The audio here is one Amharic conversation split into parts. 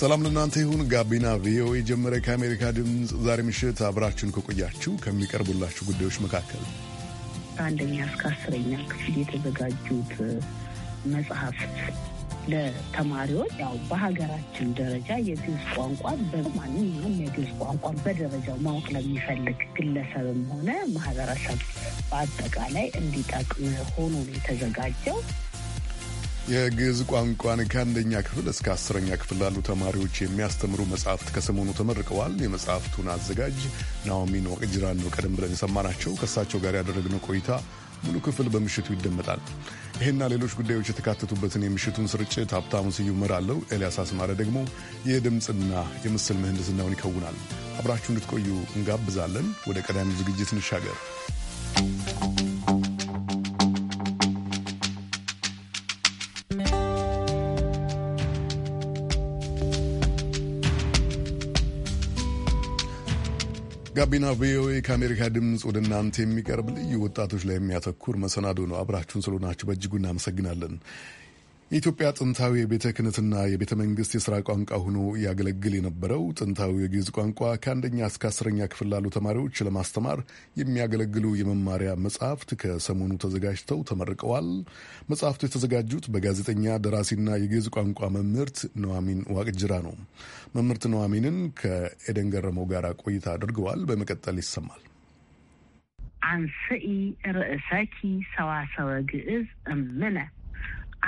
ሰላም ለእናንተ ይሁን። ጋቢና ቪኦኤ ጀመረ። ከአሜሪካ ድምፅ ዛሬ ምሽት አብራችሁን ከቆያችሁ ከሚቀርቡላችሁ ጉዳዮች መካከል ከአንደኛ እስከ አስረኛ ክፍል የተዘጋጁት መጽሐፍት ለተማሪዎች ያው በሀገራችን ደረጃ የግዕዝ ቋንቋ በማንኛውም የግዕዝ ቋንቋ በደረጃው ማወቅ ለሚፈልግ ግለሰብም ሆነ ማህበረሰብ በአጠቃላይ እንዲጠቅም ሆኖ ነው የተዘጋጀው። የግዕዝ ቋንቋን ከአንደኛ ክፍል እስከ አስረኛ ክፍል ላሉ ተማሪዎች የሚያስተምሩ መጽሐፍት ከሰሞኑ ተመርቀዋል። የመጽሐፍቱን አዘጋጅ ናኦሚ ኖቅጅራን ነው ቀደም ብለን የሰማናቸው። ከእሳቸው ጋር ያደረግነው ቆይታ ሙሉ ክፍል በምሽቱ ይደመጣል። ይህና ሌሎች ጉዳዮች የተካተቱበትን የምሽቱን ስርጭት ሀብታሙ ስዩም እመራለሁ። ኤልያስ አስማረ ደግሞ የድምፅና የምስል ምህንድስናውን ይከውናል። አብራችሁ እንድትቆዩ እንጋብዛለን። ወደ ቀዳሚው ዝግጅት እንሻገር። ጋቢና ቪኦኤ ከአሜሪካ ድምፅ ወደ እናንተ የሚቀርብ ልዩ ወጣቶች ላይ የሚያተኩር መሰናዶ ነው። አብራችሁን ስለሆናችሁ በእጅጉ እናመሰግናለን። የኢትዮጵያ ጥንታዊ የቤተ ክህነትና የቤተ መንግስት የሥራ ቋንቋ ሆኖ ያገለግል የነበረው ጥንታዊ የግዕዝ ቋንቋ ከአንደኛ እስከ አስረኛ ክፍል ላሉ ተማሪዎች ለማስተማር የሚያገለግሉ የመማሪያ መጽሐፍት ከሰሞኑ ተዘጋጅተው ተመርቀዋል። መጽሐፍቱ የተዘጋጁት በጋዜጠኛ ደራሲና የግዕዝ ቋንቋ መምህርት ነዋሚን ዋቅጅራ ነው። መምህርት ነዋሚንን ከኤደን ገረመው ጋር ቆይታ አድርገዋል። በመቀጠል ይሰማል። አንስኢ ርእሰኪ ሰዋሰወ ግዕዝ እምነ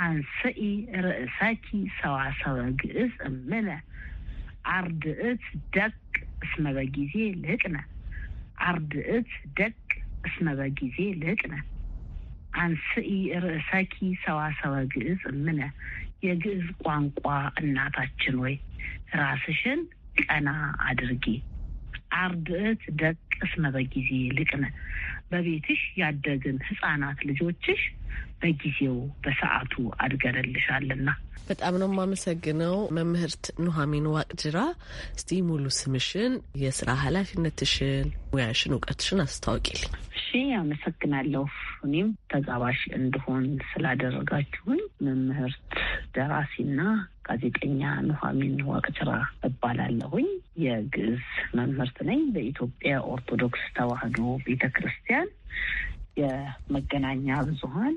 አንስኢ ርእሰኪ ሰዋሰወ ግእዝ እምለ አርድእት ደቅ እስመ በጊዜ ልህቅነ አርድእት ደቅ እስመ በጊዜ ልህቅነ አንስኢ ርእሰኪ ሰዋሰወ ግእዝ እምነ የግዕዝ ቋንቋ እናታችን ወይ ራስሽን ቀና አድርጊ። አርድእት ደቅ እስመ በጊዜ ልቅነ በቤትሽ ያደግን ህጻናት ልጆችሽ በጊዜው በሰዓቱ አድገረልሻልና። በጣም ነው የማመሰግነው መምህርት ኑሐሚን ዋቅጅራ። እስቲ ሙሉ ስምሽን፣ የስራ ኃላፊነትሽን፣ ሙያሽን፣ እውቀትሽን አስታውቂልኝ። እሺ፣ አመሰግናለሁ። እኔም ተጋባዥ እንድሆን ስላደረጋችሁኝ። መምህርት ደራሲና ጋዜጠኛ ኑሐሚን ዋቅጅራ እባላለሁኝ። የግዕዝ መምህርት ነኝ። በኢትዮጵያ ኦርቶዶክስ ተዋህዶ ቤተ ክርስቲያን የመገናኛ ብዙኃን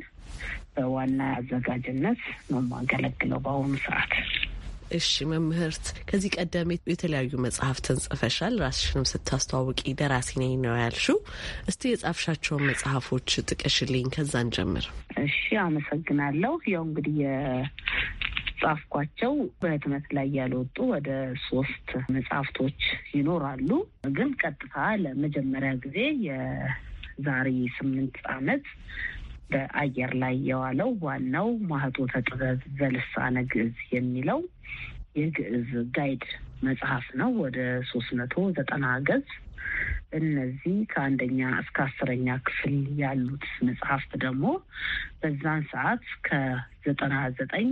በዋና አዘጋጅነት ነው የማገለግለው በአሁኑ ሰዓት። እሺ መምህርት፣ ከዚህ ቀደም የተለያዩ መጽሐፍትን ጽፈሻል። ራስሽንም ስታስተዋውቂ ደራሲ ነኝ ነው ያልሽው። እስቲ የጻፍሻቸውን መጽሐፎች ጥቀሽልኝ፣ ከዛን ጀምር። እሺ፣ አመሰግናለሁ። ያው እንግዲህ ጻፍኳቸው በህትመት ላይ ያልወጡ ወደ ሶስት መጽሐፍቶች ይኖራሉ። ግን ቀጥታ ለመጀመሪያ ጊዜ የዛሬ ስምንት ዓመት በአየር ላይ የዋለው ዋናው ማህቶተ ጥበብ ዘልሳነ ግዕዝ የሚለው የግዕዝ ጋይድ መጽሐፍ ነው። ወደ ሶስት መቶ ዘጠና ገጽ። እነዚህ ከአንደኛ እስከ አስረኛ ክፍል ያሉት መጽሐፍት ደግሞ በዛን ሰዓት ዘጠና ዘጠኝ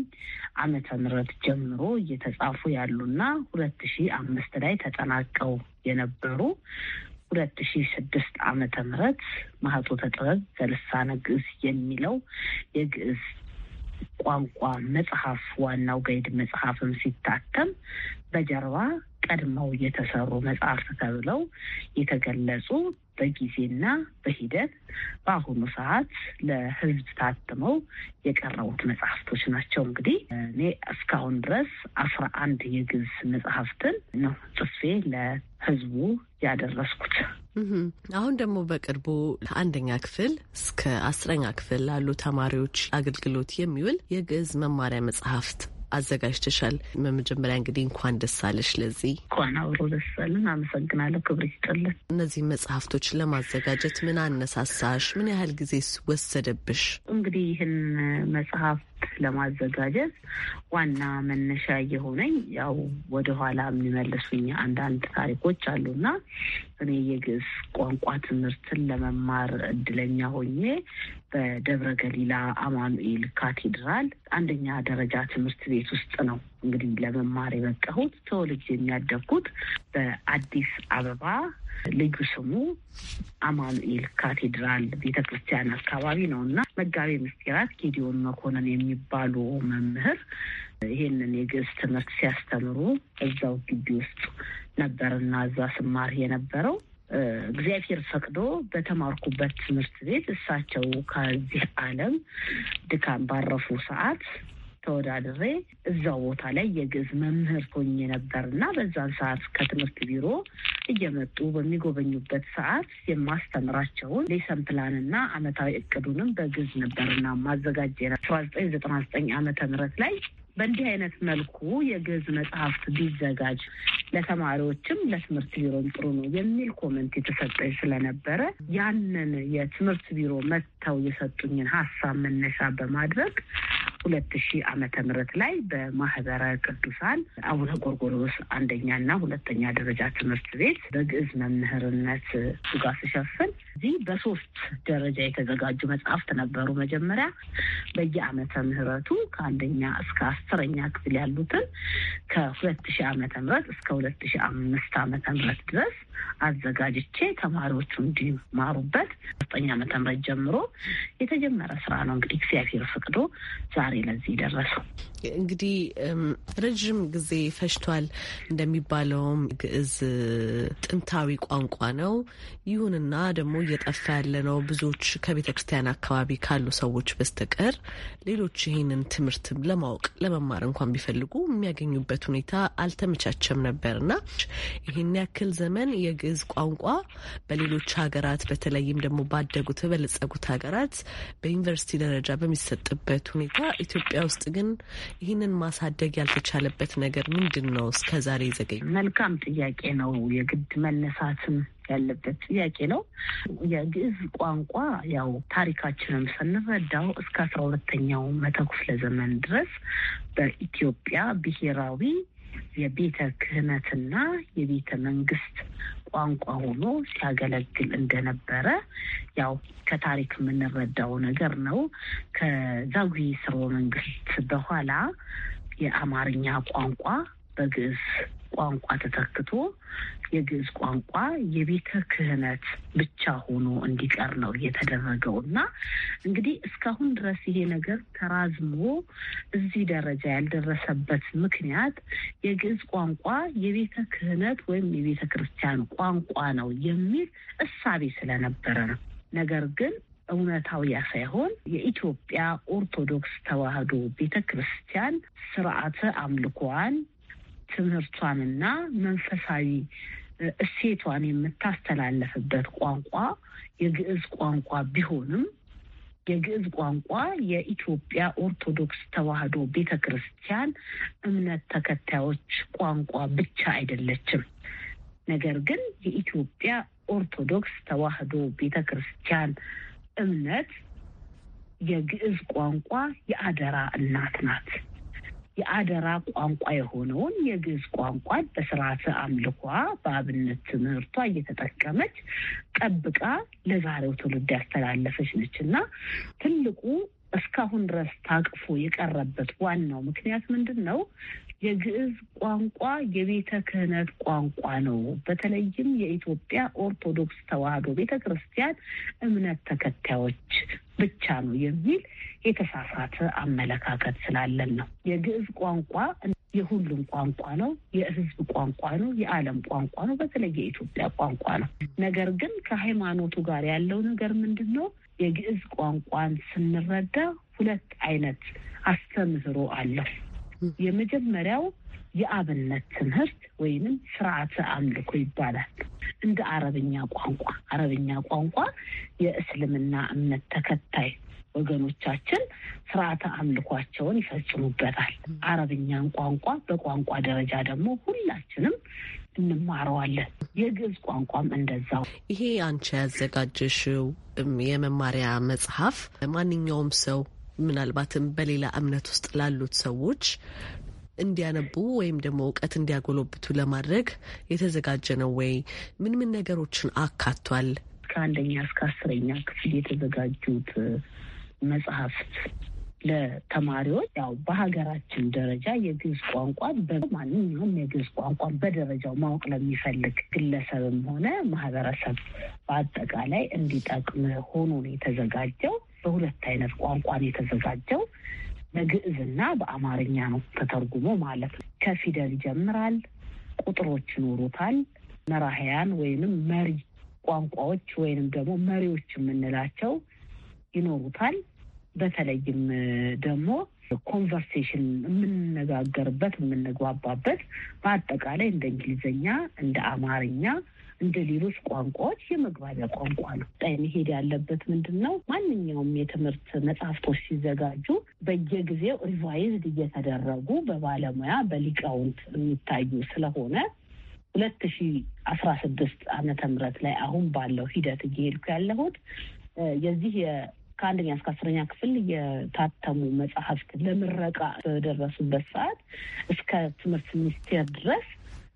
ዓመተ ምህረት ጀምሮ እየተጻፉ ያሉና ሁለት ሺ አምስት ላይ ተጠናቀው የነበሩ ሁለት ሺ ስድስት አመተ ምህረት ማህቶተ ጥበብ ዘልሳነ ግዕዝ የሚለው የግዕዝ ቋንቋ መጽሐፍ ዋናው ገይድ መጽሐፍም ሲታተም በጀርባ ቀድመው የተሰሩ መጽሐፍት ተብለው የተገለጹ በጊዜና በሂደት በአሁኑ ሰዓት ለህዝብ ታትመው የቀረቡት መጽሐፍቶች ናቸው። እንግዲህ እኔ እስካሁን ድረስ አስራ አንድ የግዕዝ መጽሐፍትን ነው ጽፌ ለህዝቡ ያደረስኩት። አሁን ደግሞ በቅርቡ ከአንደኛ ክፍል እስከ አስረኛ ክፍል ላሉ ተማሪዎች አገልግሎት የሚውል የግዕዝ መማሪያ መጽሐፍት አዘጋጅተሻል። በመጀመሪያ እንግዲህ እንኳን ደስ አለሽ ለዚህ። እንኳን አብሮ ደስ አለን። አመሰግናለሁ። ክብር ይስጥልን። እነዚህ መጽሐፍቶች ለማዘጋጀት ምን አነሳሳሽ? ምን ያህል ጊዜ ወሰደብሽ? እንግዲህ ይህን መጽሐፍ ለማዘጋጀት ዋና መነሻ የሆነኝ ያው ወደኋላ የሚመልሱኝ አንዳንድ ታሪኮች አሉና እኔ የግዕዝ ቋንቋ ትምህርትን ለመማር እድለኛ ሆኜ በደብረ ገሊላ አማኑኤል ካቴድራል አንደኛ ደረጃ ትምህርት ቤት ውስጥ ነው እንግዲህ ለመማር የበቀሁት ተወልጄ የሚያደግኩት በአዲስ አበባ ልዩ ስሙ አማኑኤል ካቴድራል ቤተ ክርስቲያን አካባቢ ነው እና መጋቤ ምስጢራት ጌዲዮን መኮንን የሚባሉ መምህር ይህንን የግዕዝ ትምህርት ሲያስተምሩ እዛው ግቢ ውስጥ ነበርና እዛ ስማር የነበረው እግዚአብሔር ፈቅዶ በተማርኩበት ትምህርት ቤት እሳቸው ከዚህ ዓለም ድካም ባረፉ ሰዓት ተወዳድሬ እዛው ቦታ ላይ የግዕዝ መምህር ሆኜ ነበርና እና በዛን ሰዓት ከትምህርት ቢሮ እየመጡ በሚጎበኙበት ሰዓት የማስተምራቸውን ሌሰን ፕላን አመታዊ እቅዱንም በግዕዝ ነበርና ማዘጋጀ አስራ ዘጠኝ ዘጠና ዘጠኝ አመተ ምህረት ላይ በእንዲህ አይነት መልኩ የግዕዝ መጽሐፍት ቢዘጋጅ ለተማሪዎችም ለትምህርት ቢሮም ጥሩ ነው የሚል ኮመንት የተሰጠኝ ስለነበረ ያንን የትምህርት ቢሮ መጥተው የሰጡኝን ሀሳብ መነሻ በማድረግ ሁለት ሺህ ዓመተ ምህረት ላይ በማህበረ ቅዱሳን አቡነ አንደኛ አንደኛና ሁለተኛ ደረጃ ትምህርት ቤት በግዕዝ መምህርነት ጋ ስሸፍን እዚህ በሶስት ደረጃ የተዘጋጁ መጽሐፍት ነበሩ። መጀመሪያ በየዓመተ ምህረቱ ከአንደኛ እስከ አስረኛ ክፍል ያሉትን ከሁለት ሺህ ዓመተ ምህረት እስከ ሁለት ሺ አምስት ዓመተ ምህረት ድረስ አዘጋጅቼ ተማሪዎቹ እንዲማሩበት ዘጠኝ ዓመተ ምህረት ጀምሮ የተጀመረ ስራ ነው። እንግዲህ እግዚአብሔር ፈቅዶ ዛሬ ለዚህ ደረሱ። እንግዲህ ረዥም ጊዜ ፈጅቷል እንደሚባለውም ግዕዝ ጥንታዊ ቋንቋ ነው። ይሁንና ደግሞ እየጠፋ ያለ ነው። ብዙዎች ከቤተ ክርስቲያን አካባቢ ካሉ ሰዎች በስተቀር ሌሎች ይህንን ትምህርት ለማወቅ ለመማር እንኳን ቢፈልጉ የሚያገኙበት ሁኔታ አልተመቻቸም ነበር። ነበር እና ይህን ያክል ዘመን የግዕዝ ቋንቋ በሌሎች ሀገራት በተለይም ደግሞ ባደጉት በለጸጉት ሀገራት በዩኒቨርሲቲ ደረጃ በሚሰጥበት ሁኔታ ኢትዮጵያ ውስጥ ግን ይህንን ማሳደግ ያልተቻለበት ነገር ምንድን ነው? እስከ ዛሬ ዘገኝ። መልካም ጥያቄ ነው። የግድ መነሳትም ያለበት ጥያቄ ነው። የግዕዝ ቋንቋ ያው ታሪካችንም ስንረዳው እስከ አስራ ሁለተኛው መቶ ክፍለ ዘመን ድረስ በኢትዮጵያ ብሔራዊ የቤተ ክህነትና የቤተ መንግስት ቋንቋ ሆኖ ሲያገለግል እንደነበረ ያው ከታሪክ የምንረዳው ነገር ነው። ከዛጉዌ ስርወ መንግስት በኋላ የአማርኛ ቋንቋ በግዕዝ ቋንቋ ተተክቶ የግዕዝ ቋንቋ የቤተ ክህነት ብቻ ሆኖ እንዲቀር ነው የተደረገው እና እንግዲህ እስካሁን ድረስ ይሄ ነገር ተራዝሞ እዚህ ደረጃ ያልደረሰበት ምክንያት የግዕዝ ቋንቋ የቤተ ክህነት ወይም የቤተ ክርስቲያን ቋንቋ ነው የሚል እሳቤ ስለነበረ ነው። ነገር ግን እውነታው ያ ሳይሆን የኢትዮጵያ ኦርቶዶክስ ተዋህዶ ቤተ ክርስቲያን ስርዓተ አምልኮዋን ትምህርቷንና መንፈሳዊ እሴቷን የምታስተላለፍበት ቋንቋ የግዕዝ ቋንቋ ቢሆንም የግዕዝ ቋንቋ የኢትዮጵያ ኦርቶዶክስ ተዋሕዶ ቤተ ክርስቲያን እምነት ተከታዮች ቋንቋ ብቻ አይደለችም። ነገር ግን የኢትዮጵያ ኦርቶዶክስ ተዋሕዶ ቤተ ክርስቲያን እምነት የግዕዝ ቋንቋ የአደራ እናት ናት። የአደራ ቋንቋ የሆነውን የግዕዝ ቋንቋን በስርዓተ አምልኳ በአብነት ትምህርቷ እየተጠቀመች ጠብቃ ለዛሬው ትውልድ ያስተላለፈች ነች እና ትልቁ እስካሁን ድረስ ታቅፎ የቀረበት ዋናው ምክንያት ምንድን ነው? የግዕዝ ቋንቋ የቤተ ክህነት ቋንቋ ነው። በተለይም የኢትዮጵያ ኦርቶዶክስ ተዋሕዶ ቤተ ክርስቲያን እምነት ተከታዮች ብቻ ነው የሚል የተሳሳተ አመለካከት ስላለን ነው። የግዕዝ ቋንቋ የሁሉም ቋንቋ ነው። የሕዝብ ቋንቋ ነው። የዓለም ቋንቋ ነው። በተለይ የኢትዮጵያ ቋንቋ ነው። ነገር ግን ከሃይማኖቱ ጋር ያለው ነገር ምንድን ነው? የግዕዝ ቋንቋን ስንረዳ ሁለት አይነት አስተምህሮ አለው። የመጀመሪያው የአብነት ትምህርት ወይንም ስርዓተ አምልኮ ይባላል። እንደ አረብኛ ቋንቋ አረብኛ ቋንቋ የእስልምና እምነት ተከታይ ወገኖቻችን ስርዓተ አምልኳቸውን ይፈጽሙበታል። አረብኛን ቋንቋ በቋንቋ ደረጃ ደግሞ ሁላችንም እንማረዋለን። የግዕዝ ቋንቋም እንደዛው። ይሄ አንቺ ያዘጋጀሽው የመማሪያ መጽሐፍ ማንኛውም ሰው ምናልባትም በሌላ እምነት ውስጥ ላሉት ሰዎች እንዲያነቡ ወይም ደግሞ እውቀት እንዲያጎለብቱ ለማድረግ የተዘጋጀ ነው ወይ? ምን ምን ነገሮችን አካቷል? ከአንደኛ እስከ አስረኛ ክፍል የተዘጋጁት መጽሐፍት ለተማሪዎች ያው በሀገራችን ደረጃ የግዕዝ ቋንቋ በማንኛውም የግዕዝ ቋንቋ በደረጃው ማወቅ ለሚፈልግ ግለሰብም ሆነ ማህበረሰብ በአጠቃላይ እንዲጠቅም ሆኖ ነው የተዘጋጀው። በሁለት አይነት ቋንቋን የተዘጋጀው በግዕዝና በአማርኛ ነው ተተርጉሞ ማለት ነው። ከፊደል ይጀምራል። ቁጥሮች ይኖሩታል። መራህያን ወይንም መሪ ቋንቋዎች ወይንም ደግሞ መሪዎች የምንላቸው ይኖሩታል። በተለይም ደግሞ ኮንቨርሴሽን የምንነጋገርበት የምንግባባበት በአጠቃላይ እንደ እንግሊዝኛ እንደ አማርኛ እንደ ሌሎች ቋንቋዎች የመግባቢያ ቋንቋ ነው። ቀይ መሄድ ያለበት ምንድን ነው? ማንኛውም የትምህርት መጽሐፍቶች ሲዘጋጁ በየጊዜው ሪቫይዝድ እየተደረጉ በባለሙያ በሊቃውንት የሚታዩ ስለሆነ ሁለት ሺ አስራ ስድስት አመተ ምህረት ላይ አሁን ባለው ሂደት እየሄድኩ ያለሁት የዚህ ከአንደኛ እስከ አስረኛ ክፍል የታተሙ መጽሐፍት ለምረቃ በደረሱበት ሰዓት እስከ ትምህርት ሚኒስቴር ድረስ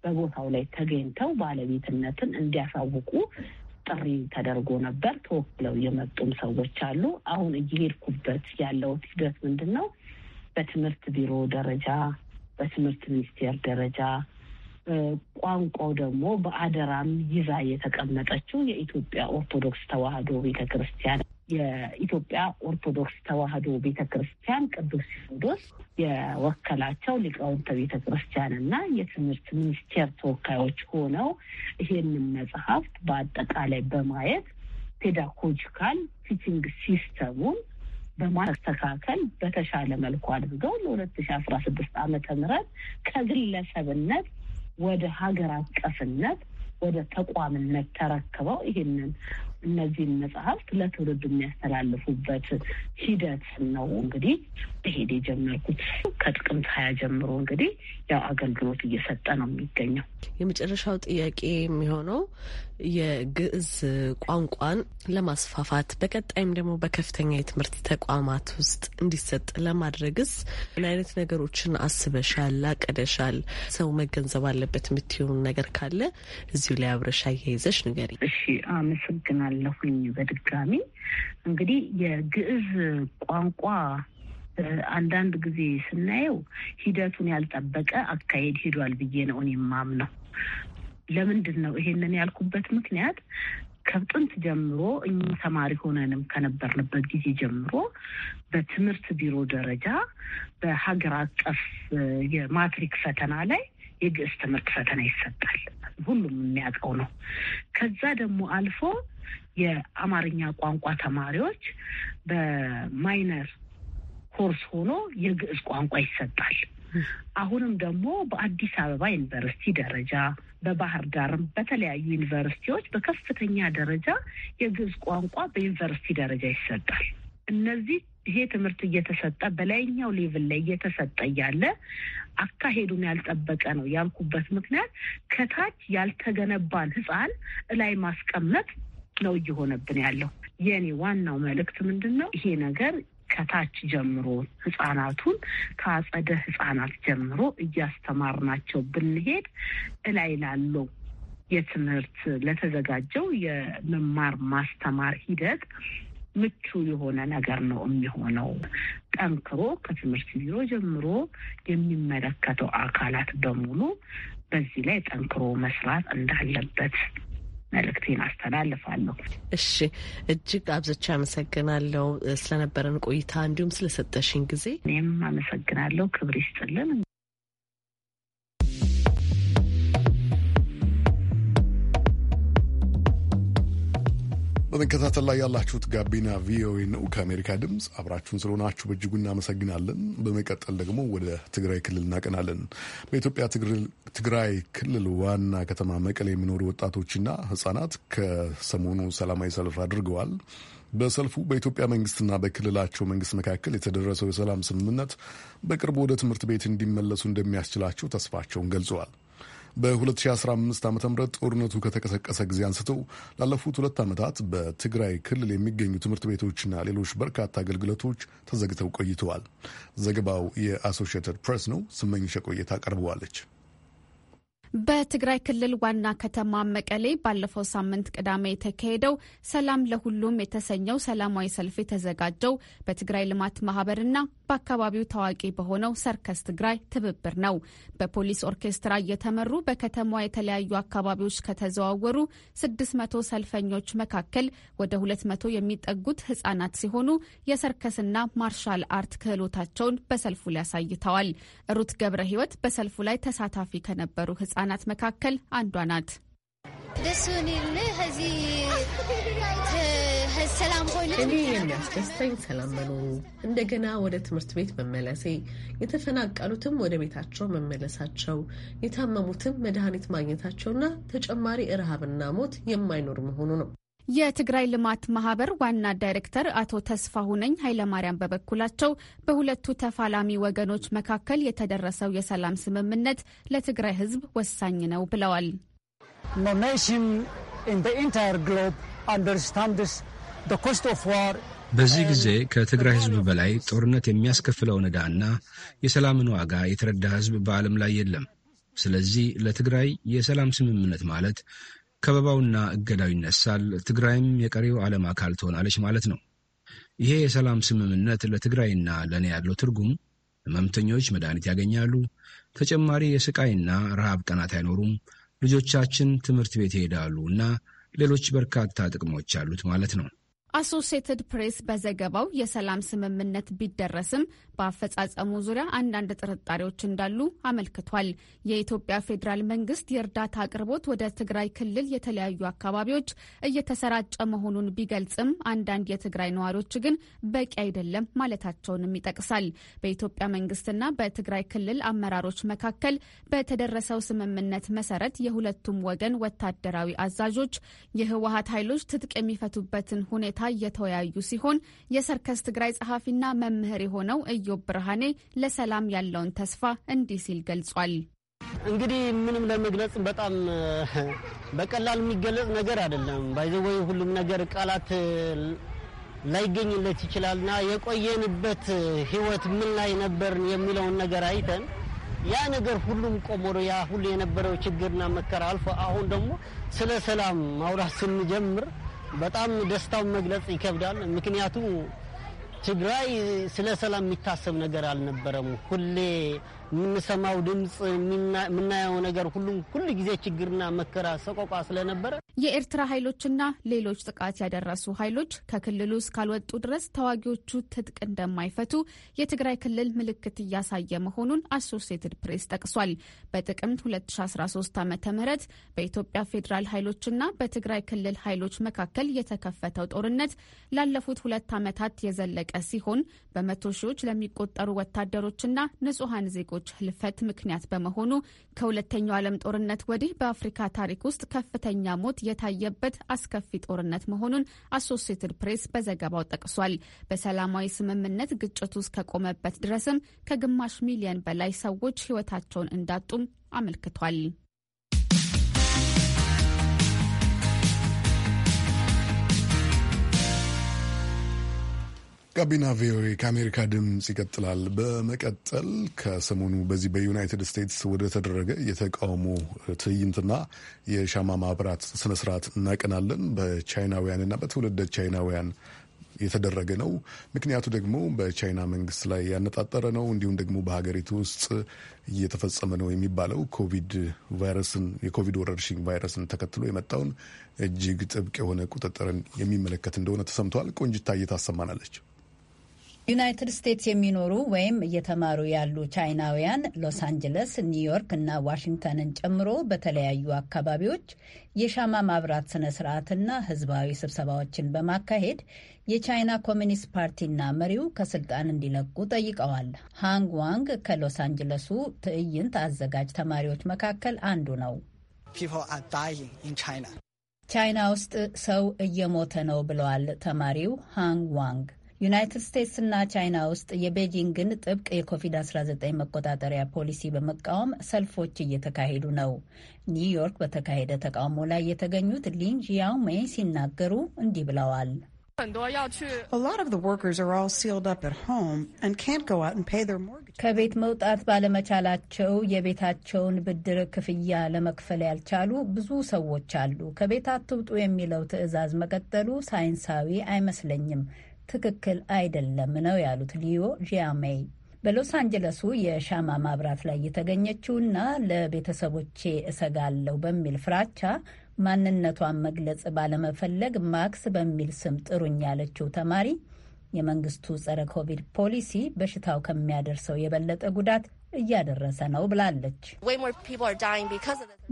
በቦታው ላይ ተገኝተው ባለቤትነትን እንዲያሳውቁ ጥሪ ተደርጎ ነበር። ተወክለው የመጡም ሰዎች አሉ። አሁን እየሄድኩበት ያለውት ሂደት ምንድን ነው? በትምህርት ቢሮ ደረጃ፣ በትምህርት ሚኒስቴር ደረጃ ቋንቋው ደግሞ በአደራም ይዛ የተቀመጠችው የኢትዮጵያ ኦርቶዶክስ ተዋሕዶ ቤተ ክርስቲያን የኢትዮጵያ ኦርቶዶክስ ተዋህዶ ቤተ ክርስቲያን ቅዱስ ሲኖዶስ የወከላቸው ሊቃውንተ ቤተ ክርስቲያን እና የትምህርት ሚኒስቴር ተወካዮች ሆነው ይሄንን መጽሐፍት በአጠቃላይ በማየት ፔዳጎጂካል ቲችንግ ሲስተሙን በማስተካከል በተሻለ መልኩ አድርገው ለሁለት ሺ አስራ ስድስት ዓመተ ምህረት ከግለሰብነት ወደ ሀገር አቀፍነት ወደ ተቋምነት ተረክበው ይህንን እነዚህን መጽሐፍት ለትውልድ የሚያስተላልፉበት ሂደት ነው። እንግዲህ መሄድ የጀመርኩት ከጥቅምት ሀያ ጀምሮ እንግዲህ ያው አገልግሎት እየሰጠ ነው የሚገኘው። የመጨረሻው ጥያቄ የሚሆነው የግዕዝ ቋንቋን ለማስፋፋት በቀጣይም ደግሞ በከፍተኛ የትምህርት ተቋማት ውስጥ እንዲሰጥ ለማድረግስ ምን አይነት ነገሮችን አስበሻል፣ አቀደሻል? ሰው መገንዘብ አለበት የምትሆኑ ነገር ካለ እዚሁ ላይ አብረሻ እያይዘሽ ንገሪ። እሺ፣ አመሰግናለሁ። አለሁኝ። በድጋሚ እንግዲህ የግዕዝ ቋንቋ አንዳንድ ጊዜ ስናየው ሂደቱን ያልጠበቀ አካሄድ ሄዷል ብዬ ነው እኔ የማምነው። ለምንድን ነው ይሄንን ያልኩበት ምክንያት ከጥንት ጀምሮ እኛ ተማሪ ሆነንም ከነበርንበት ጊዜ ጀምሮ በትምህርት ቢሮ ደረጃ በሀገር አቀፍ የማትሪክ ፈተና ላይ የግዕዝ ትምህርት ፈተና ይሰጣል። ሁሉም የሚያውቀው ነው። ከዛ ደግሞ አልፎ የአማርኛ ቋንቋ ተማሪዎች በማይነር ኮርስ ሆኖ የግዕዝ ቋንቋ ይሰጣል። አሁንም ደግሞ በአዲስ አበባ ዩኒቨርሲቲ ደረጃ በባህር ዳርም በተለያዩ ዩኒቨርሲቲዎች በከፍተኛ ደረጃ የግዕዝ ቋንቋ በዩኒቨርሲቲ ደረጃ ይሰጣል። እነዚህ ይሄ ትምህርት እየተሰጠ በላይኛው ሌቭል ላይ እየተሰጠ እያለ አካሄዱን ያልጠበቀ ነው ያልኩበት ምክንያት ከታች ያልተገነባን ሕፃን እላይ ማስቀመጥ ነው እየሆነብን ያለው። የኔ ዋናው መልእክት ምንድን ነው? ይሄ ነገር ከታች ጀምሮ ህጻናቱን ከአጸደ ህጻናት ጀምሮ እያስተማርናቸው ብንሄድ እላይ ላለው የትምህርት ለተዘጋጀው የመማር ማስተማር ሂደት ምቹ የሆነ ነገር ነው የሚሆነው። ጠንክሮ ከትምህርት ቢሮ ጀምሮ የሚመለከተው አካላት በሙሉ በዚህ ላይ ጠንክሮ መስራት እንዳለበት መልእክቴን አስተላልፋለሁ። እሺ፣ እጅግ አብዝቼ አመሰግናለሁ ስለነበረን ቆይታ እንዲሁም ስለሰጠሽኝ ጊዜ። እኔም አመሰግናለሁ። ክብር ይስጥልን። በመከታተል ላይ ያላችሁት ጋቢና ቪኦኤ ነው ከአሜሪካ ድምፅ። አብራችሁን ስለሆናችሁ በእጅጉ እናመሰግናለን። በመቀጠል ደግሞ ወደ ትግራይ ክልል እናቀናለን። በኢትዮጵያ ትግራይ ክልል ዋና ከተማ መቀሌ የሚኖሩ ወጣቶችና ህጻናት ከሰሞኑ ሰላማዊ ሰልፍ አድርገዋል። በሰልፉ በኢትዮጵያ መንግስትና በክልላቸው መንግስት መካከል የተደረሰው የሰላም ስምምነት በቅርቡ ወደ ትምህርት ቤት እንዲመለሱ እንደሚያስችላቸው ተስፋቸውን ገልጸዋል። በ2015 ዓ ም ጦርነቱ ከተቀሰቀሰ ጊዜ አንስቶ ላለፉት ሁለት ዓመታት በትግራይ ክልል የሚገኙ ትምህርት ቤቶችና ሌሎች በርካታ አገልግሎቶች ተዘግተው ቆይተዋል። ዘገባው የአሶሺየትድ ፕሬስ ነው። ስመኝሸ ቆየታ ቀርበዋለች። በትግራይ ክልል ዋና ከተማ መቀሌ ባለፈው ሳምንት ቅዳሜ የተካሄደው ሰላም ለሁሉም የተሰኘው ሰላማዊ ሰልፍ የተዘጋጀው በትግራይ ልማት ማህበርና በአካባቢው ታዋቂ በሆነው ሰርከስ ትግራይ ትብብር ነው። በፖሊስ ኦርኬስትራ እየተመሩ በከተማዋ የተለያዩ አካባቢዎች ከተዘዋወሩ 600 ሰልፈኞች መካከል ወደ 200 የሚጠጉት ህጻናት ሲሆኑ የሰርከስና ማርሻል አርት ክህሎታቸውን በሰልፉ ላይ አሳይተዋል። ሩት ገብረ ህይወት በሰልፉ ላይ ተሳታፊ ከነበሩ ህጻናት መካከል አንዷ ናት። እኔ የሚያስደስተኝ ሰላም መኖሩ፣ እንደገና ወደ ትምህርት ቤት መመለሴ፣ የተፈናቀሉትም ወደ ቤታቸው መመለሳቸው፣ የታመሙትም መድኃኒት ማግኘታቸውና ተጨማሪ ረሃብና ሞት የማይኖር መሆኑ ነው። የትግራይ ልማት ማህበር ዋና ዳይሬክተር አቶ ተስፋሁነኝ ኃይለማርያም በበኩላቸው በሁለቱ ተፋላሚ ወገኖች መካከል የተደረሰው የሰላም ስምምነት ለትግራይ ሕዝብ ወሳኝ ነው ብለዋል። በዚህ ጊዜ ከትግራይ ህዝብ በላይ ጦርነት የሚያስከፍለው ና የሰላምን ዋጋ የተረዳ ህዝብ በዓለም ላይ የለም። ስለዚህ ለትግራይ የሰላም ስምምነት ማለት ከበባውና እገዳው ይነሳል፣ ትግራይም የቀሪው ዓለም አካል ትሆናለች ማለት ነው። ይሄ የሰላም ስምምነት ለትግራይና ለእኔ ያለው ትርጉም ህመምተኞች መድኃኒት ያገኛሉ፣ ተጨማሪ የስቃይና ረሃብ ቀናት አይኖሩም፣ ልጆቻችን ትምህርት ቤት ይሄዳሉ እና ሌሎች በርካታ ጥቅሞች አሉት ማለት ነው። አሶሴትድ ፕሬስ በዘገባው የሰላም ስምምነት ቢደረስም በአፈጻጸሙ ዙሪያ አንዳንድ ጥርጣሬዎች እንዳሉ አመልክቷል። የኢትዮጵያ ፌዴራል መንግስት የእርዳታ አቅርቦት ወደ ትግራይ ክልል የተለያዩ አካባቢዎች እየተሰራጨ መሆኑን ቢገልጽም አንዳንድ የትግራይ ነዋሪዎች ግን በቂ አይደለም ማለታቸውንም ይጠቅሳል። በኢትዮጵያ መንግስትና በትግራይ ክልል አመራሮች መካከል በተደረሰው ስምምነት መሰረት የሁለቱም ወገን ወታደራዊ አዛዦች የህወሀት ኃይሎች ትጥቅ የሚፈቱበትን ሁኔታ ፀሐይ የተወያዩ ሲሆን የሰርከስ ትግራይ ጸሐፊና መምህር የሆነው እዮብ ብርሃኔ ለሰላም ያለውን ተስፋ እንዲህ ሲል ገልጿል። እንግዲህ ምንም ለመግለጽ በጣም በቀላል የሚገለጽ ነገር አይደለም። ባይዘወይ ሁሉም ነገር ቃላት ላይገኝለት ይችላልና የቆየንበት ህይወት ምን ላይ ነበርን የሚለውን ነገር አይተን ያ ነገር ሁሉም ቆሞሮ ያ ሁሉ የነበረው ችግርና መከራ አልፎ አሁን ደግሞ ስለ ሰላም ማውራት ስንጀምር በጣም ደስታውን መግለጽ ይከብዳል። ምክንያቱም ትግራይ ስለ ሰላም የሚታሰብ ነገር አልነበረም። ሁሌ የምንሰማው ድምፅ የምናየው ነገር ሁሉም ሁሉ ጊዜ ችግርና መከራ ሰቆቋ ስለነበረ የኤርትራ ኃይሎችና ሌሎች ጥቃት ያደረሱ ኃይሎች ከክልሉ እስካልወጡ ድረስ ተዋጊዎቹ ትጥቅ እንደማይፈቱ የትግራይ ክልል ምልክት እያሳየ መሆኑን አሶሲየትድ ፕሬስ ጠቅሷል። በጥቅምት 2013 ዓ ም በኢትዮጵያ ፌዴራል ኃይሎችና በትግራይ ክልል ኃይሎች መካከል የተከፈተው ጦርነት ላለፉት ሁለት ዓመታት የዘለቀ ሲሆን በመቶ ሺዎች ለሚቆጠሩ ወታደሮችና ንጹሐን ዜጎች ዜጎች ህልፈት ምክንያት በመሆኑ ከሁለተኛው ዓለም ጦርነት ወዲህ በአፍሪካ ታሪክ ውስጥ ከፍተኛ ሞት የታየበት አስከፊ ጦርነት መሆኑን አሶሲየትድ ፕሬስ በዘገባው ጠቅሷል። በሰላማዊ ስምምነት ግጭቱ ውስጥ ከቆመበት ድረስም ከግማሽ ሚሊየን በላይ ሰዎች ህይወታቸውን እንዳጡም አመልክቷል። ጋቢና ቪኦኤ ከአሜሪካ ድምፅ ይቀጥላል። በመቀጠል ከሰሞኑ በዚህ በዩናይትድ ስቴትስ ወደ ተደረገ የተቃውሞ ትዕይንትና የሻማ ማብራት ስነስርዓት እናቀናለን። በቻይናውያንና በትውልደ ቻይናውያን የተደረገ ነው። ምክንያቱ ደግሞ በቻይና መንግስት ላይ ያነጣጠረ ነው። እንዲሁም ደግሞ በሀገሪቱ ውስጥ እየተፈጸመ ነው የሚባለው ኮቪድ ቫይረስን የኮቪድ ወረርሽኝ ቫይረስን ተከትሎ የመጣውን እጅግ ጥብቅ የሆነ ቁጥጥርን የሚመለከት እንደሆነ ተሰምተዋል። ቆንጅታ እየታሰማናለች። ዩናይትድ ስቴትስ የሚኖሩ ወይም እየተማሩ ያሉ ቻይናውያን ሎስ አንጀለስ፣ ኒውዮርክ እና ዋሽንግተንን ጨምሮ በተለያዩ አካባቢዎች የሻማ ማብራት ስነ ስርዓትና ህዝባዊ ስብሰባዎችን በማካሄድ የቻይና ኮሚኒስት ፓርቲና መሪው ከስልጣን እንዲለቁ ጠይቀዋል። ሃንግ ዋንግ ከሎስ አንጀለሱ ትዕይንት አዘጋጅ ተማሪዎች መካከል አንዱ ነው። ቻይና ውስጥ ሰው እየሞተ ነው ብለዋል ተማሪው ሃንግ ዋንግ። ዩናይትድ ስቴትስና ቻይና ውስጥ የቤጂንግን ጥብቅ የኮቪድ-19 መቆጣጠሪያ ፖሊሲ በመቃወም ሰልፎች እየተካሄዱ ነው። ኒውዮርክ በተካሄደ ተቃውሞ ላይ የተገኙት ሊን ዢያውሜ ሲናገሩ እንዲህ ብለዋል። ከቤት መውጣት ባለመቻላቸው የቤታቸውን ብድር ክፍያ ለመክፈል ያልቻሉ ብዙ ሰዎች አሉ። ከቤት አትውጡ የሚለው ትዕዛዝ መቀጠሉ ሳይንሳዊ አይመስለኝም። ትክክል አይደለም ነው ያሉት ሊዮ ዣሜይ። በሎስ አንጀለሱ የሻማ ማብራት ላይ የተገኘችውና ለቤተሰቦቼ እሰጋለሁ በሚል ፍራቻ ማንነቷን መግለጽ ባለመፈለግ ማክስ በሚል ስም ጥሩኝ ያለችው ተማሪ የመንግስቱ ጸረ ኮቪድ ፖሊሲ በሽታው ከሚያደርሰው የበለጠ ጉዳት እያደረሰ ነው ብላለች።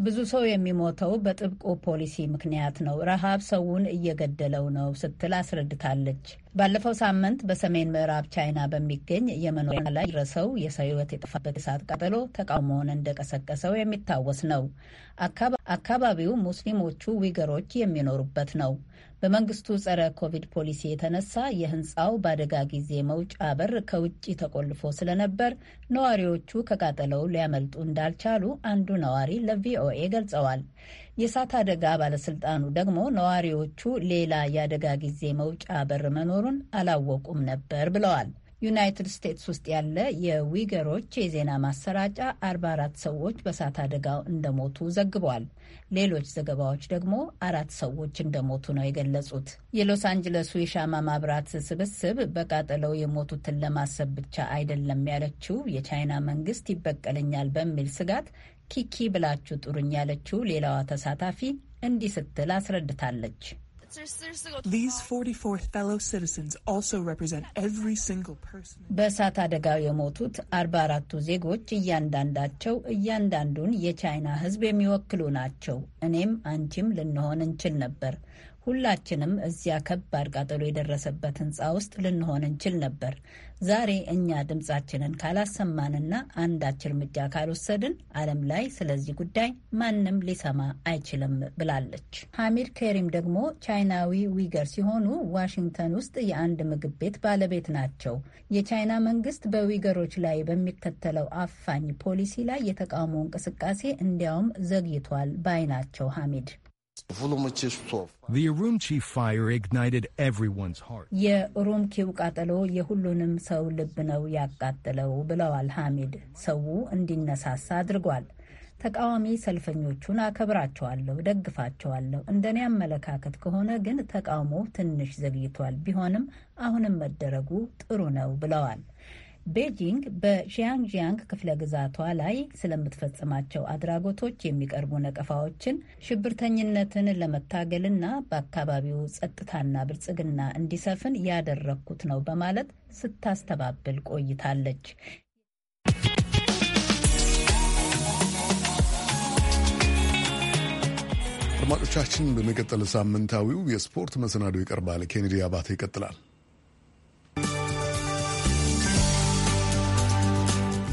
ብዙ ሰው የሚሞተው በጥብቁ ፖሊሲ ምክንያት ነው፣ ረሃብ ሰውን እየገደለው ነው ስትል አስረድታለች። ባለፈው ሳምንት በሰሜን ምዕራብ ቻይና በሚገኝ የመኖሪያ ላይ ደረሰው የሰው ህይወት የጠፋበት እሳት ቃጠሎ ተቃውሞውን እንደቀሰቀሰው የሚታወስ ነው። አካባቢው ሙስሊሞቹ ዊገሮች የሚኖሩበት ነው። በመንግስቱ ጸረ ኮቪድ ፖሊሲ የተነሳ የህንፃው በአደጋ ጊዜ መውጫ በር ከውጭ ተቆልፎ ስለነበር ነዋሪዎቹ ከቃጠለው ሊያመልጡ እንዳልቻሉ አንዱ ነዋሪ ለቪኦኤ ገልጸዋል። የእሳት አደጋ ባለስልጣኑ ደግሞ ነዋሪዎቹ ሌላ የአደጋ ጊዜ መውጫ በር መኖሩን አላወቁም ነበር ብለዋል። ዩናይትድ ስቴትስ ውስጥ ያለ የዊገሮች የዜና ማሰራጫ 44 ሰዎች በእሳት አደጋው እንደሞቱ ዘግቧል። ሌሎች ዘገባዎች ደግሞ አራት ሰዎች እንደሞቱ ነው የገለጹት። የሎስ አንጅለሱ የሻማ ማብራት ስብስብ በቃጠለው የሞቱትን ለማሰብ ብቻ አይደለም ያለችው የቻይና መንግስት ይበቀለኛል በሚል ስጋት ኪኪ ብላችሁ ጥሩኝ ያለችው ሌላዋ ተሳታፊ እንዲህ ስትል አስረድታለች። በእሳት አደጋው የሞቱት አርባ አራቱ ዜጎች እያንዳንዳቸው እያንዳንዱን የቻይና ሕዝብ የሚወክሉ ናቸው። እኔም አንቺም ልንሆን እንችል ነበር። ሁላችንም እዚያ ከባድ ቃጠሎ የደረሰበት ህንፃ ውስጥ ልንሆን እንችል ነበር። ዛሬ እኛ ድምፃችንን ካላሰማንና አንዳች እርምጃ ካልወሰድን ዓለም ላይ ስለዚህ ጉዳይ ማንም ሊሰማ አይችልም ብላለች። ሐሚድ ኬሪም ደግሞ ቻይናዊ ዊገር ሲሆኑ ዋሽንግተን ውስጥ የአንድ ምግብ ቤት ባለቤት ናቸው። የቻይና መንግስት በዊገሮች ላይ በሚከተለው አፋኝ ፖሊሲ ላይ የተቃውሞ እንቅስቃሴ እንዲያውም ዘግይቷል ባይ ናቸው ሐሚድ የኡሩምኪው ቃጠሎ የሁሉንም ሰው ልብ ነው ያቃጠለው ብለዋል ሐሚድ። ሰው እንዲነሳሳ አድርጓል። ተቃዋሚ ሰልፈኞቹን አከብራቸዋለሁ፣ ደግፋቸዋለሁ። እንደኔ አመለካከት ከሆነ ግን ተቃውሞ ትንሽ ዘግይቷል። ቢሆንም አሁንም መደረጉ ጥሩ ነው ብለዋል። ቤጂንግ በዢያንጂያንግ ክፍለ ግዛቷ ላይ ስለምትፈጽማቸው አድራጎቶች የሚቀርቡ ነቀፋዎችን ሽብርተኝነትን ለመታገልና በአካባቢው ጸጥታና ብልጽግና እንዲሰፍን ያደረግኩት ነው በማለት ስታስተባብል ቆይታለች። አድማጮቻችን፣ በመቀጠል ሳምንታዊው የስፖርት መሰናዶ ይቀርባል። ኬኔዲ አባተ ይቀጥላል።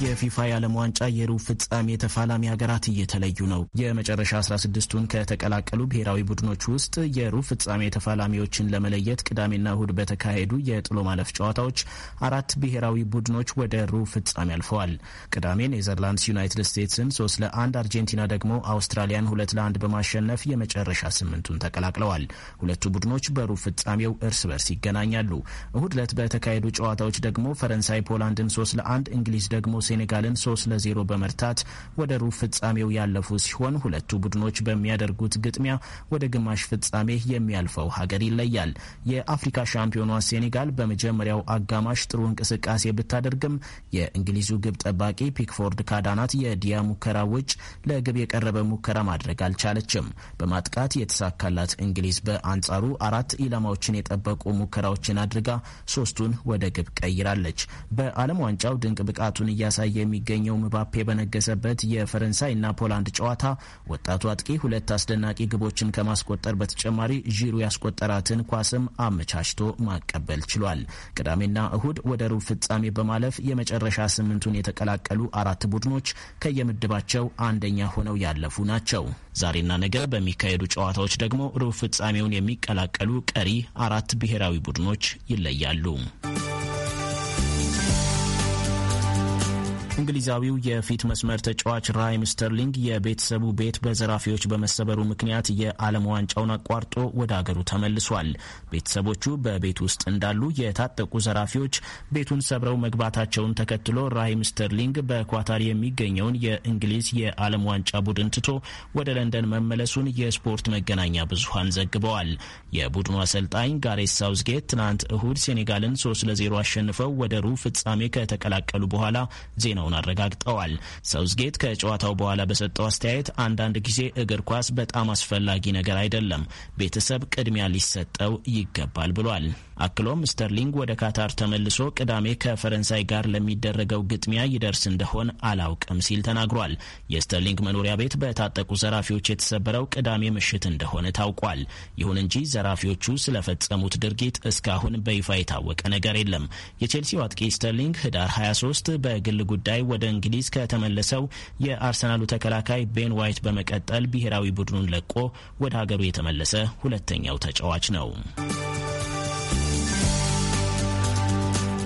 የፊፋ የዓለም ዋንጫ የሩብ ፍጻሜ ተፋላሚ ሀገራት እየተለዩ ነው። የመጨረሻ 16ቱን ከተቀላቀሉ ብሔራዊ ቡድኖች ውስጥ የሩብ ፍጻሜ ተፋላሚዎችን ለመለየት ቅዳሜና እሁድ በተካሄዱ የጥሎ ማለፍ ጨዋታዎች አራት ብሔራዊ ቡድኖች ወደ ሩብ ፍጻሜ አልፈዋል። ቅዳሜ ኔዘርላንድስ ዩናይትድ ስቴትስን ሶስት ለአንድ፣ አርጀንቲና ደግሞ አውስትራሊያን ሁለት ለአንድ በማሸነፍ የመጨረሻ ስምንቱን ተቀላቅለዋል። ሁለቱ ቡድኖች በሩብ ፍጻሜው እርስ በርስ ይገናኛሉ። እሁድ ዕለት በተካሄዱ ጨዋታዎች ደግሞ ፈረንሳይ ፖላንድን ሶስት ለአንድ፣ እንግሊዝ ደግሞ ሴኔጋልን 3 ለ0 በመርታት ወደ ሩብ ፍጻሜው ያለፉ ሲሆን ሁለቱ ቡድኖች በሚያደርጉት ግጥሚያ ወደ ግማሽ ፍጻሜ የሚያልፈው ሀገር ይለያል። የአፍሪካ ሻምፒዮኗ ሴኔጋል በመጀመሪያው አጋማሽ ጥሩ እንቅስቃሴ ብታደርግም የእንግሊዙ ግብ ጠባቂ ፒክፎርድ ካዳናት የዲያ ሙከራ ውጭ ለግብ የቀረበ ሙከራ ማድረግ አልቻለችም። በማጥቃት የተሳካላት እንግሊዝ በአንጻሩ አራት ኢላማዎችን የጠበቁ ሙከራዎችን አድርጋ ሶስቱን ወደ ግብ ቀይራለች። በዓለም ዋንጫው ድንቅ ብቃቱን እያሳ እያሳየ የሚገኘው ምባፔ በነገሰበት የፈረንሳይና ፖላንድ ጨዋታ ወጣቱ አጥቂ ሁለት አስደናቂ ግቦችን ከማስቆጠር በተጨማሪ ዢሩ ያስቆጠራትን ኳስም አመቻችቶ ማቀበል ችሏል። ቅዳሜና እሁድ ወደ ሩብ ፍጻሜ በማለፍ የመጨረሻ ስምንቱን የተቀላቀሉ አራት ቡድኖች ከየምድባቸው አንደኛ ሆነው ያለፉ ናቸው። ዛሬና ነገ በሚካሄዱ ጨዋታዎች ደግሞ ሩብ ፍጻሜውን የሚቀላቀሉ ቀሪ አራት ብሔራዊ ቡድኖች ይለያሉ። እንግሊዛዊው የፊት መስመር ተጫዋች ራይም ስተርሊንግ የቤተሰቡ ቤት በዘራፊዎች በመሰበሩ ምክንያት የዓለም ዋንጫውን አቋርጦ ወደ አገሩ ተመልሷል። ቤተሰቦቹ በቤት ውስጥ እንዳሉ የታጠቁ ዘራፊዎች ቤቱን ሰብረው መግባታቸውን ተከትሎ ራይም ስተርሊንግ በኳታር የሚገኘውን የእንግሊዝ የዓለም ዋንጫ ቡድን ትቶ ወደ ለንደን መመለሱን የስፖርት መገናኛ ብዙሃን ዘግበዋል። የቡድኑ አሰልጣኝ ጋሬስ ሳውዝጌት ትናንት እሁድ ሴኔጋልን 3 ለ0 አሸንፈው ወደ ሩብ ፍጻሜ ከተቀላቀሉ በኋላ ዜናው። መሆናቸውን አረጋግጠዋል። ሰውዝጌት ከጨዋታው በኋላ በሰጠው አስተያየት አንዳንድ ጊዜ እግር ኳስ በጣም አስፈላጊ ነገር አይደለም፣ ቤተሰብ ቅድሚያ ሊሰጠው ይገባል ብሏል። አክሎም ስተርሊንግ ወደ ካታር ተመልሶ ቅዳሜ ከፈረንሳይ ጋር ለሚደረገው ግጥሚያ ይደርስ እንደሆን አላውቅም ሲል ተናግሯል። የስተርሊንግ መኖሪያ ቤት በታጠቁ ዘራፊዎች የተሰበረው ቅዳሜ ምሽት እንደሆነ ታውቋል። ይሁን እንጂ ዘራፊዎቹ ስለፈጸሙት ድርጊት እስካሁን በይፋ የታወቀ ነገር የለም። የቼልሲው አጥቂ ስተርሊንግ ህዳር 23 በግል ጉዳይ ወደ እንግሊዝ ከተመለሰው የአርሰናሉ ተከላካይ ቤን ዋይት በመቀጠል ብሔራዊ ቡድኑን ለቆ ወደ ሀገሩ የተመለሰ ሁለተኛው ተጫዋች ነው።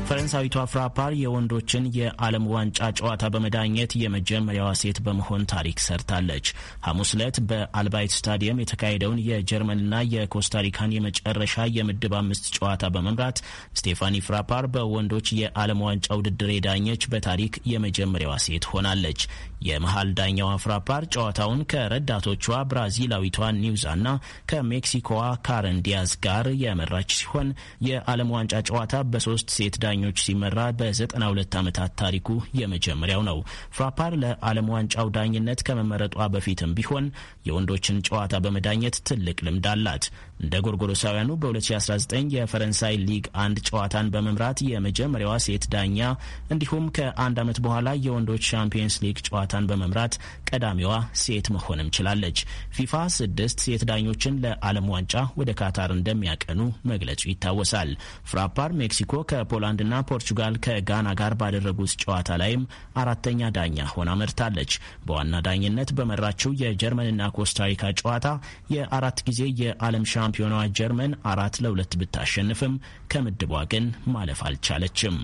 ፈረንሳዊቷ ፍራፓር የወንዶችን የዓለም ዋንጫ ጨዋታ በመዳኘት የመጀመሪያዋ ሴት በመሆን ታሪክ ሰርታለች። ሐሙስ ዕለት በአልባይት ስታዲየም የተካሄደውን የጀርመንና የኮስታሪካን የመጨረሻ የምድብ አምስት ጨዋታ በመምራት ስቴፋኒ ፍራፓር በወንዶች የዓለም ዋንጫ ውድድር የዳኘች በታሪክ የመጀመሪያዋ ሴት ሆናለች። የመሃል ዳኛዋ ፍራፓር ጨዋታውን ከረዳቶቿ ብራዚላዊቷ ኒውዛና ከሜክሲኮዋ ካረን ዲያዝ ጋር የመራች ሲሆን የዓለም ዋንጫ ጨዋታ በሶስት ሴት ዳ ዳኞች ሲመራ በ92 ዓመታት ታሪኩ የመጀመሪያው ነው። ፍራፓር ለዓለም ዋንጫው ዳኝነት ከመመረጧ በፊትም ቢሆን የወንዶችን ጨዋታ በመዳኘት ትልቅ ልምድ አላት። እንደ ጎርጎሮሳውያኑ በ2019 የፈረንሳይ ሊግ አንድ ጨዋታን በመምራት የመጀመሪያዋ ሴት ዳኛ እንዲሁም ከአንድ ዓመት በኋላ የወንዶች ሻምፒየንስ ሊግ ጨዋታን በመምራት ቀዳሚዋ ሴት መሆንም ችላለች። ፊፋ ስድስት ሴት ዳኞችን ለዓለም ዋንጫ ወደ ካታር እንደሚያቀኑ መግለጹ ይታወሳል። ፍራፓር ሜክሲኮ ከፖላንድ እና ፖርቹጋል ከጋና ጋር ባደረጉት ጨዋታ ላይም አራተኛ ዳኛ ሆና መርታለች። በዋና ዳኝነት በመራችው የጀርመንና ኮስታሪካ ጨዋታ የአራት ጊዜ የዓለም ሻምፒዮናዋ ጀርመን አራት ለሁለት ብታሸንፍም ከምድቧ ግን ማለፍ አልቻለችም።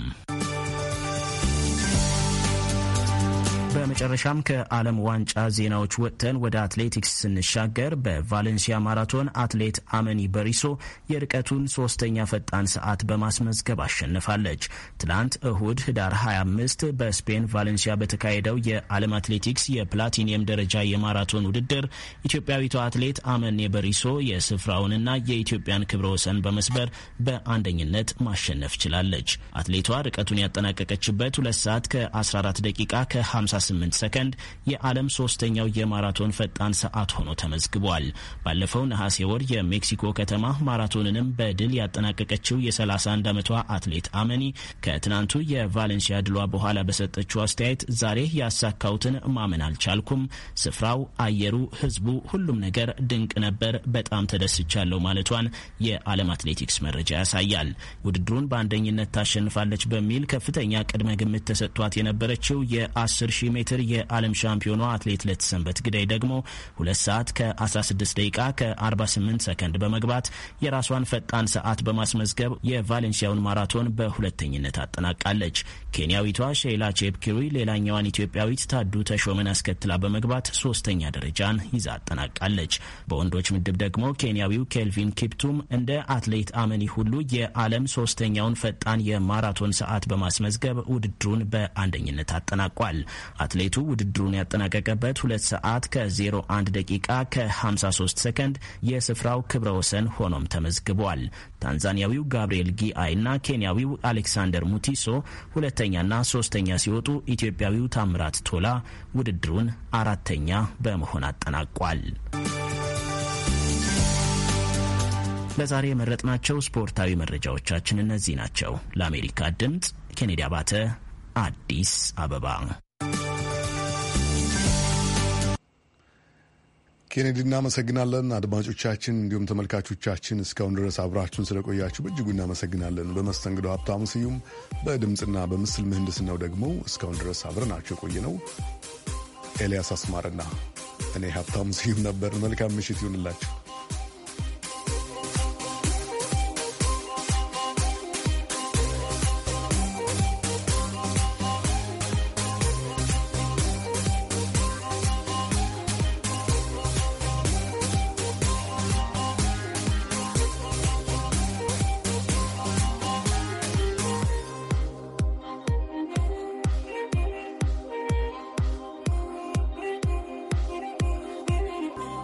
በመጨረሻም ከዓለም ዋንጫ ዜናዎች ወጥተን ወደ አትሌቲክስ ስንሻገር በቫሌንሲያ ማራቶን አትሌት አመኒ በሪሶ የርቀቱን ሶስተኛ ፈጣን ሰዓት በማስመዝገብ አሸንፋለች። ትናንት እሁድ ህዳር 25 በስፔን ቫሌንሲያ በተካሄደው የዓለም አትሌቲክስ የፕላቲኒየም ደረጃ የማራቶን ውድድር ኢትዮጵያዊቷ አትሌት አመኔ በሪሶ የስፍራውንና የኢትዮጵያን ክብረ ወሰን በመስበር በአንደኝነት ማሸነፍ ችላለች። አትሌቷ ርቀቱን ያጠናቀቀችበት ሁለት ሰዓት ከ14 ደቂቃ ከ ከ ሰከንድ የዓለም ሶስተኛው የማራቶን ፈጣን ሰዓት ሆኖ ተመዝግቧል። ባለፈው ነሐሴ ወር የሜክሲኮ ከተማ ማራቶንንም በድል ያጠናቀቀችው የ31 ዓመቷ አትሌት አመኒ ከትናንቱ የቫሌንሲያ ድሏ በኋላ በሰጠችው አስተያየት ዛሬ ያሳካሁትን ማመን አልቻልኩም። ስፍራው፣ አየሩ፣ ህዝቡ፣ ሁሉም ነገር ድንቅ ነበር። በጣም ተደስቻለሁ ማለቷን የዓለም አትሌቲክስ መረጃ ያሳያል። ውድድሩን በአንደኝነት ታሸንፋለች በሚል ከፍተኛ ቅድመ ግምት ተሰጥቷት የነበረችው የ10 ሺህ ሜትር የዓለም ሻምፒዮኗ አትሌት ለተሰንበት ግዳይ ደግሞ ሁለት ሰዓት ከ16 ደቂቃ ከ48 ሰከንድ በመግባት የራሷን ፈጣን ሰዓት በማስመዝገብ የቫሌንሲያውን ማራቶን በሁለተኝነት አጠናቃለች። ኬንያዊቷ ሼይላ ቼፕኪሩይ ሌላኛዋን ኢትዮጵያዊት ታዱ ተሾመን አስከትላ በመግባት ሶስተኛ ደረጃን ይዛ አጠናቃለች። በወንዶች ምድብ ደግሞ ኬንያዊው ኬልቪን ኪፕቱም እንደ አትሌት አመኒ ሁሉ የዓለም ሶስተኛውን ፈጣን የማራቶን ሰዓት በማስመዝገብ ውድድሩን በአንደኝነት አጠናቋል። አትሌቱ ውድድሩን ያጠናቀቀበት ሁለት ሰዓት ከ01 ደቂቃ ከ53 ሰከንድ የስፍራው ክብረ ወሰን ሆኖም ተመዝግቧል። ታንዛኒያዊው ጋብርኤል ጊአይ እና ኬንያዊው አሌክሳንደር ሙቲሶ ሁለተኛና ሶስተኛ ሲወጡ፣ ኢትዮጵያዊው ታምራት ቶላ ውድድሩን አራተኛ በመሆን አጠናቋል። ለዛሬ የመረጥናቸው ስፖርታዊ መረጃዎቻችን እነዚህ ናቸው። ለአሜሪካ ድምፅ ኬኔዲ አባተ አዲስ አበባ ኬኔዲ እናመሰግናለን። አድማጮቻችን እንዲሁም ተመልካቾቻችን እስካሁን ድረስ አብራችሁን ስለቆያችሁ በእጅጉ እናመሰግናለን። በመስተንግዶ ሀብታሙ ስዩም፣ በድምፅና በምስል ምህንድስናው ደግሞ እስካሁን ድረስ አብረናቸው የቆየ ነው ኤልያስ አስማርና እኔ ሀብታሙ ስዩም ነበር። መልካም ምሽት ይሁንላችሁ።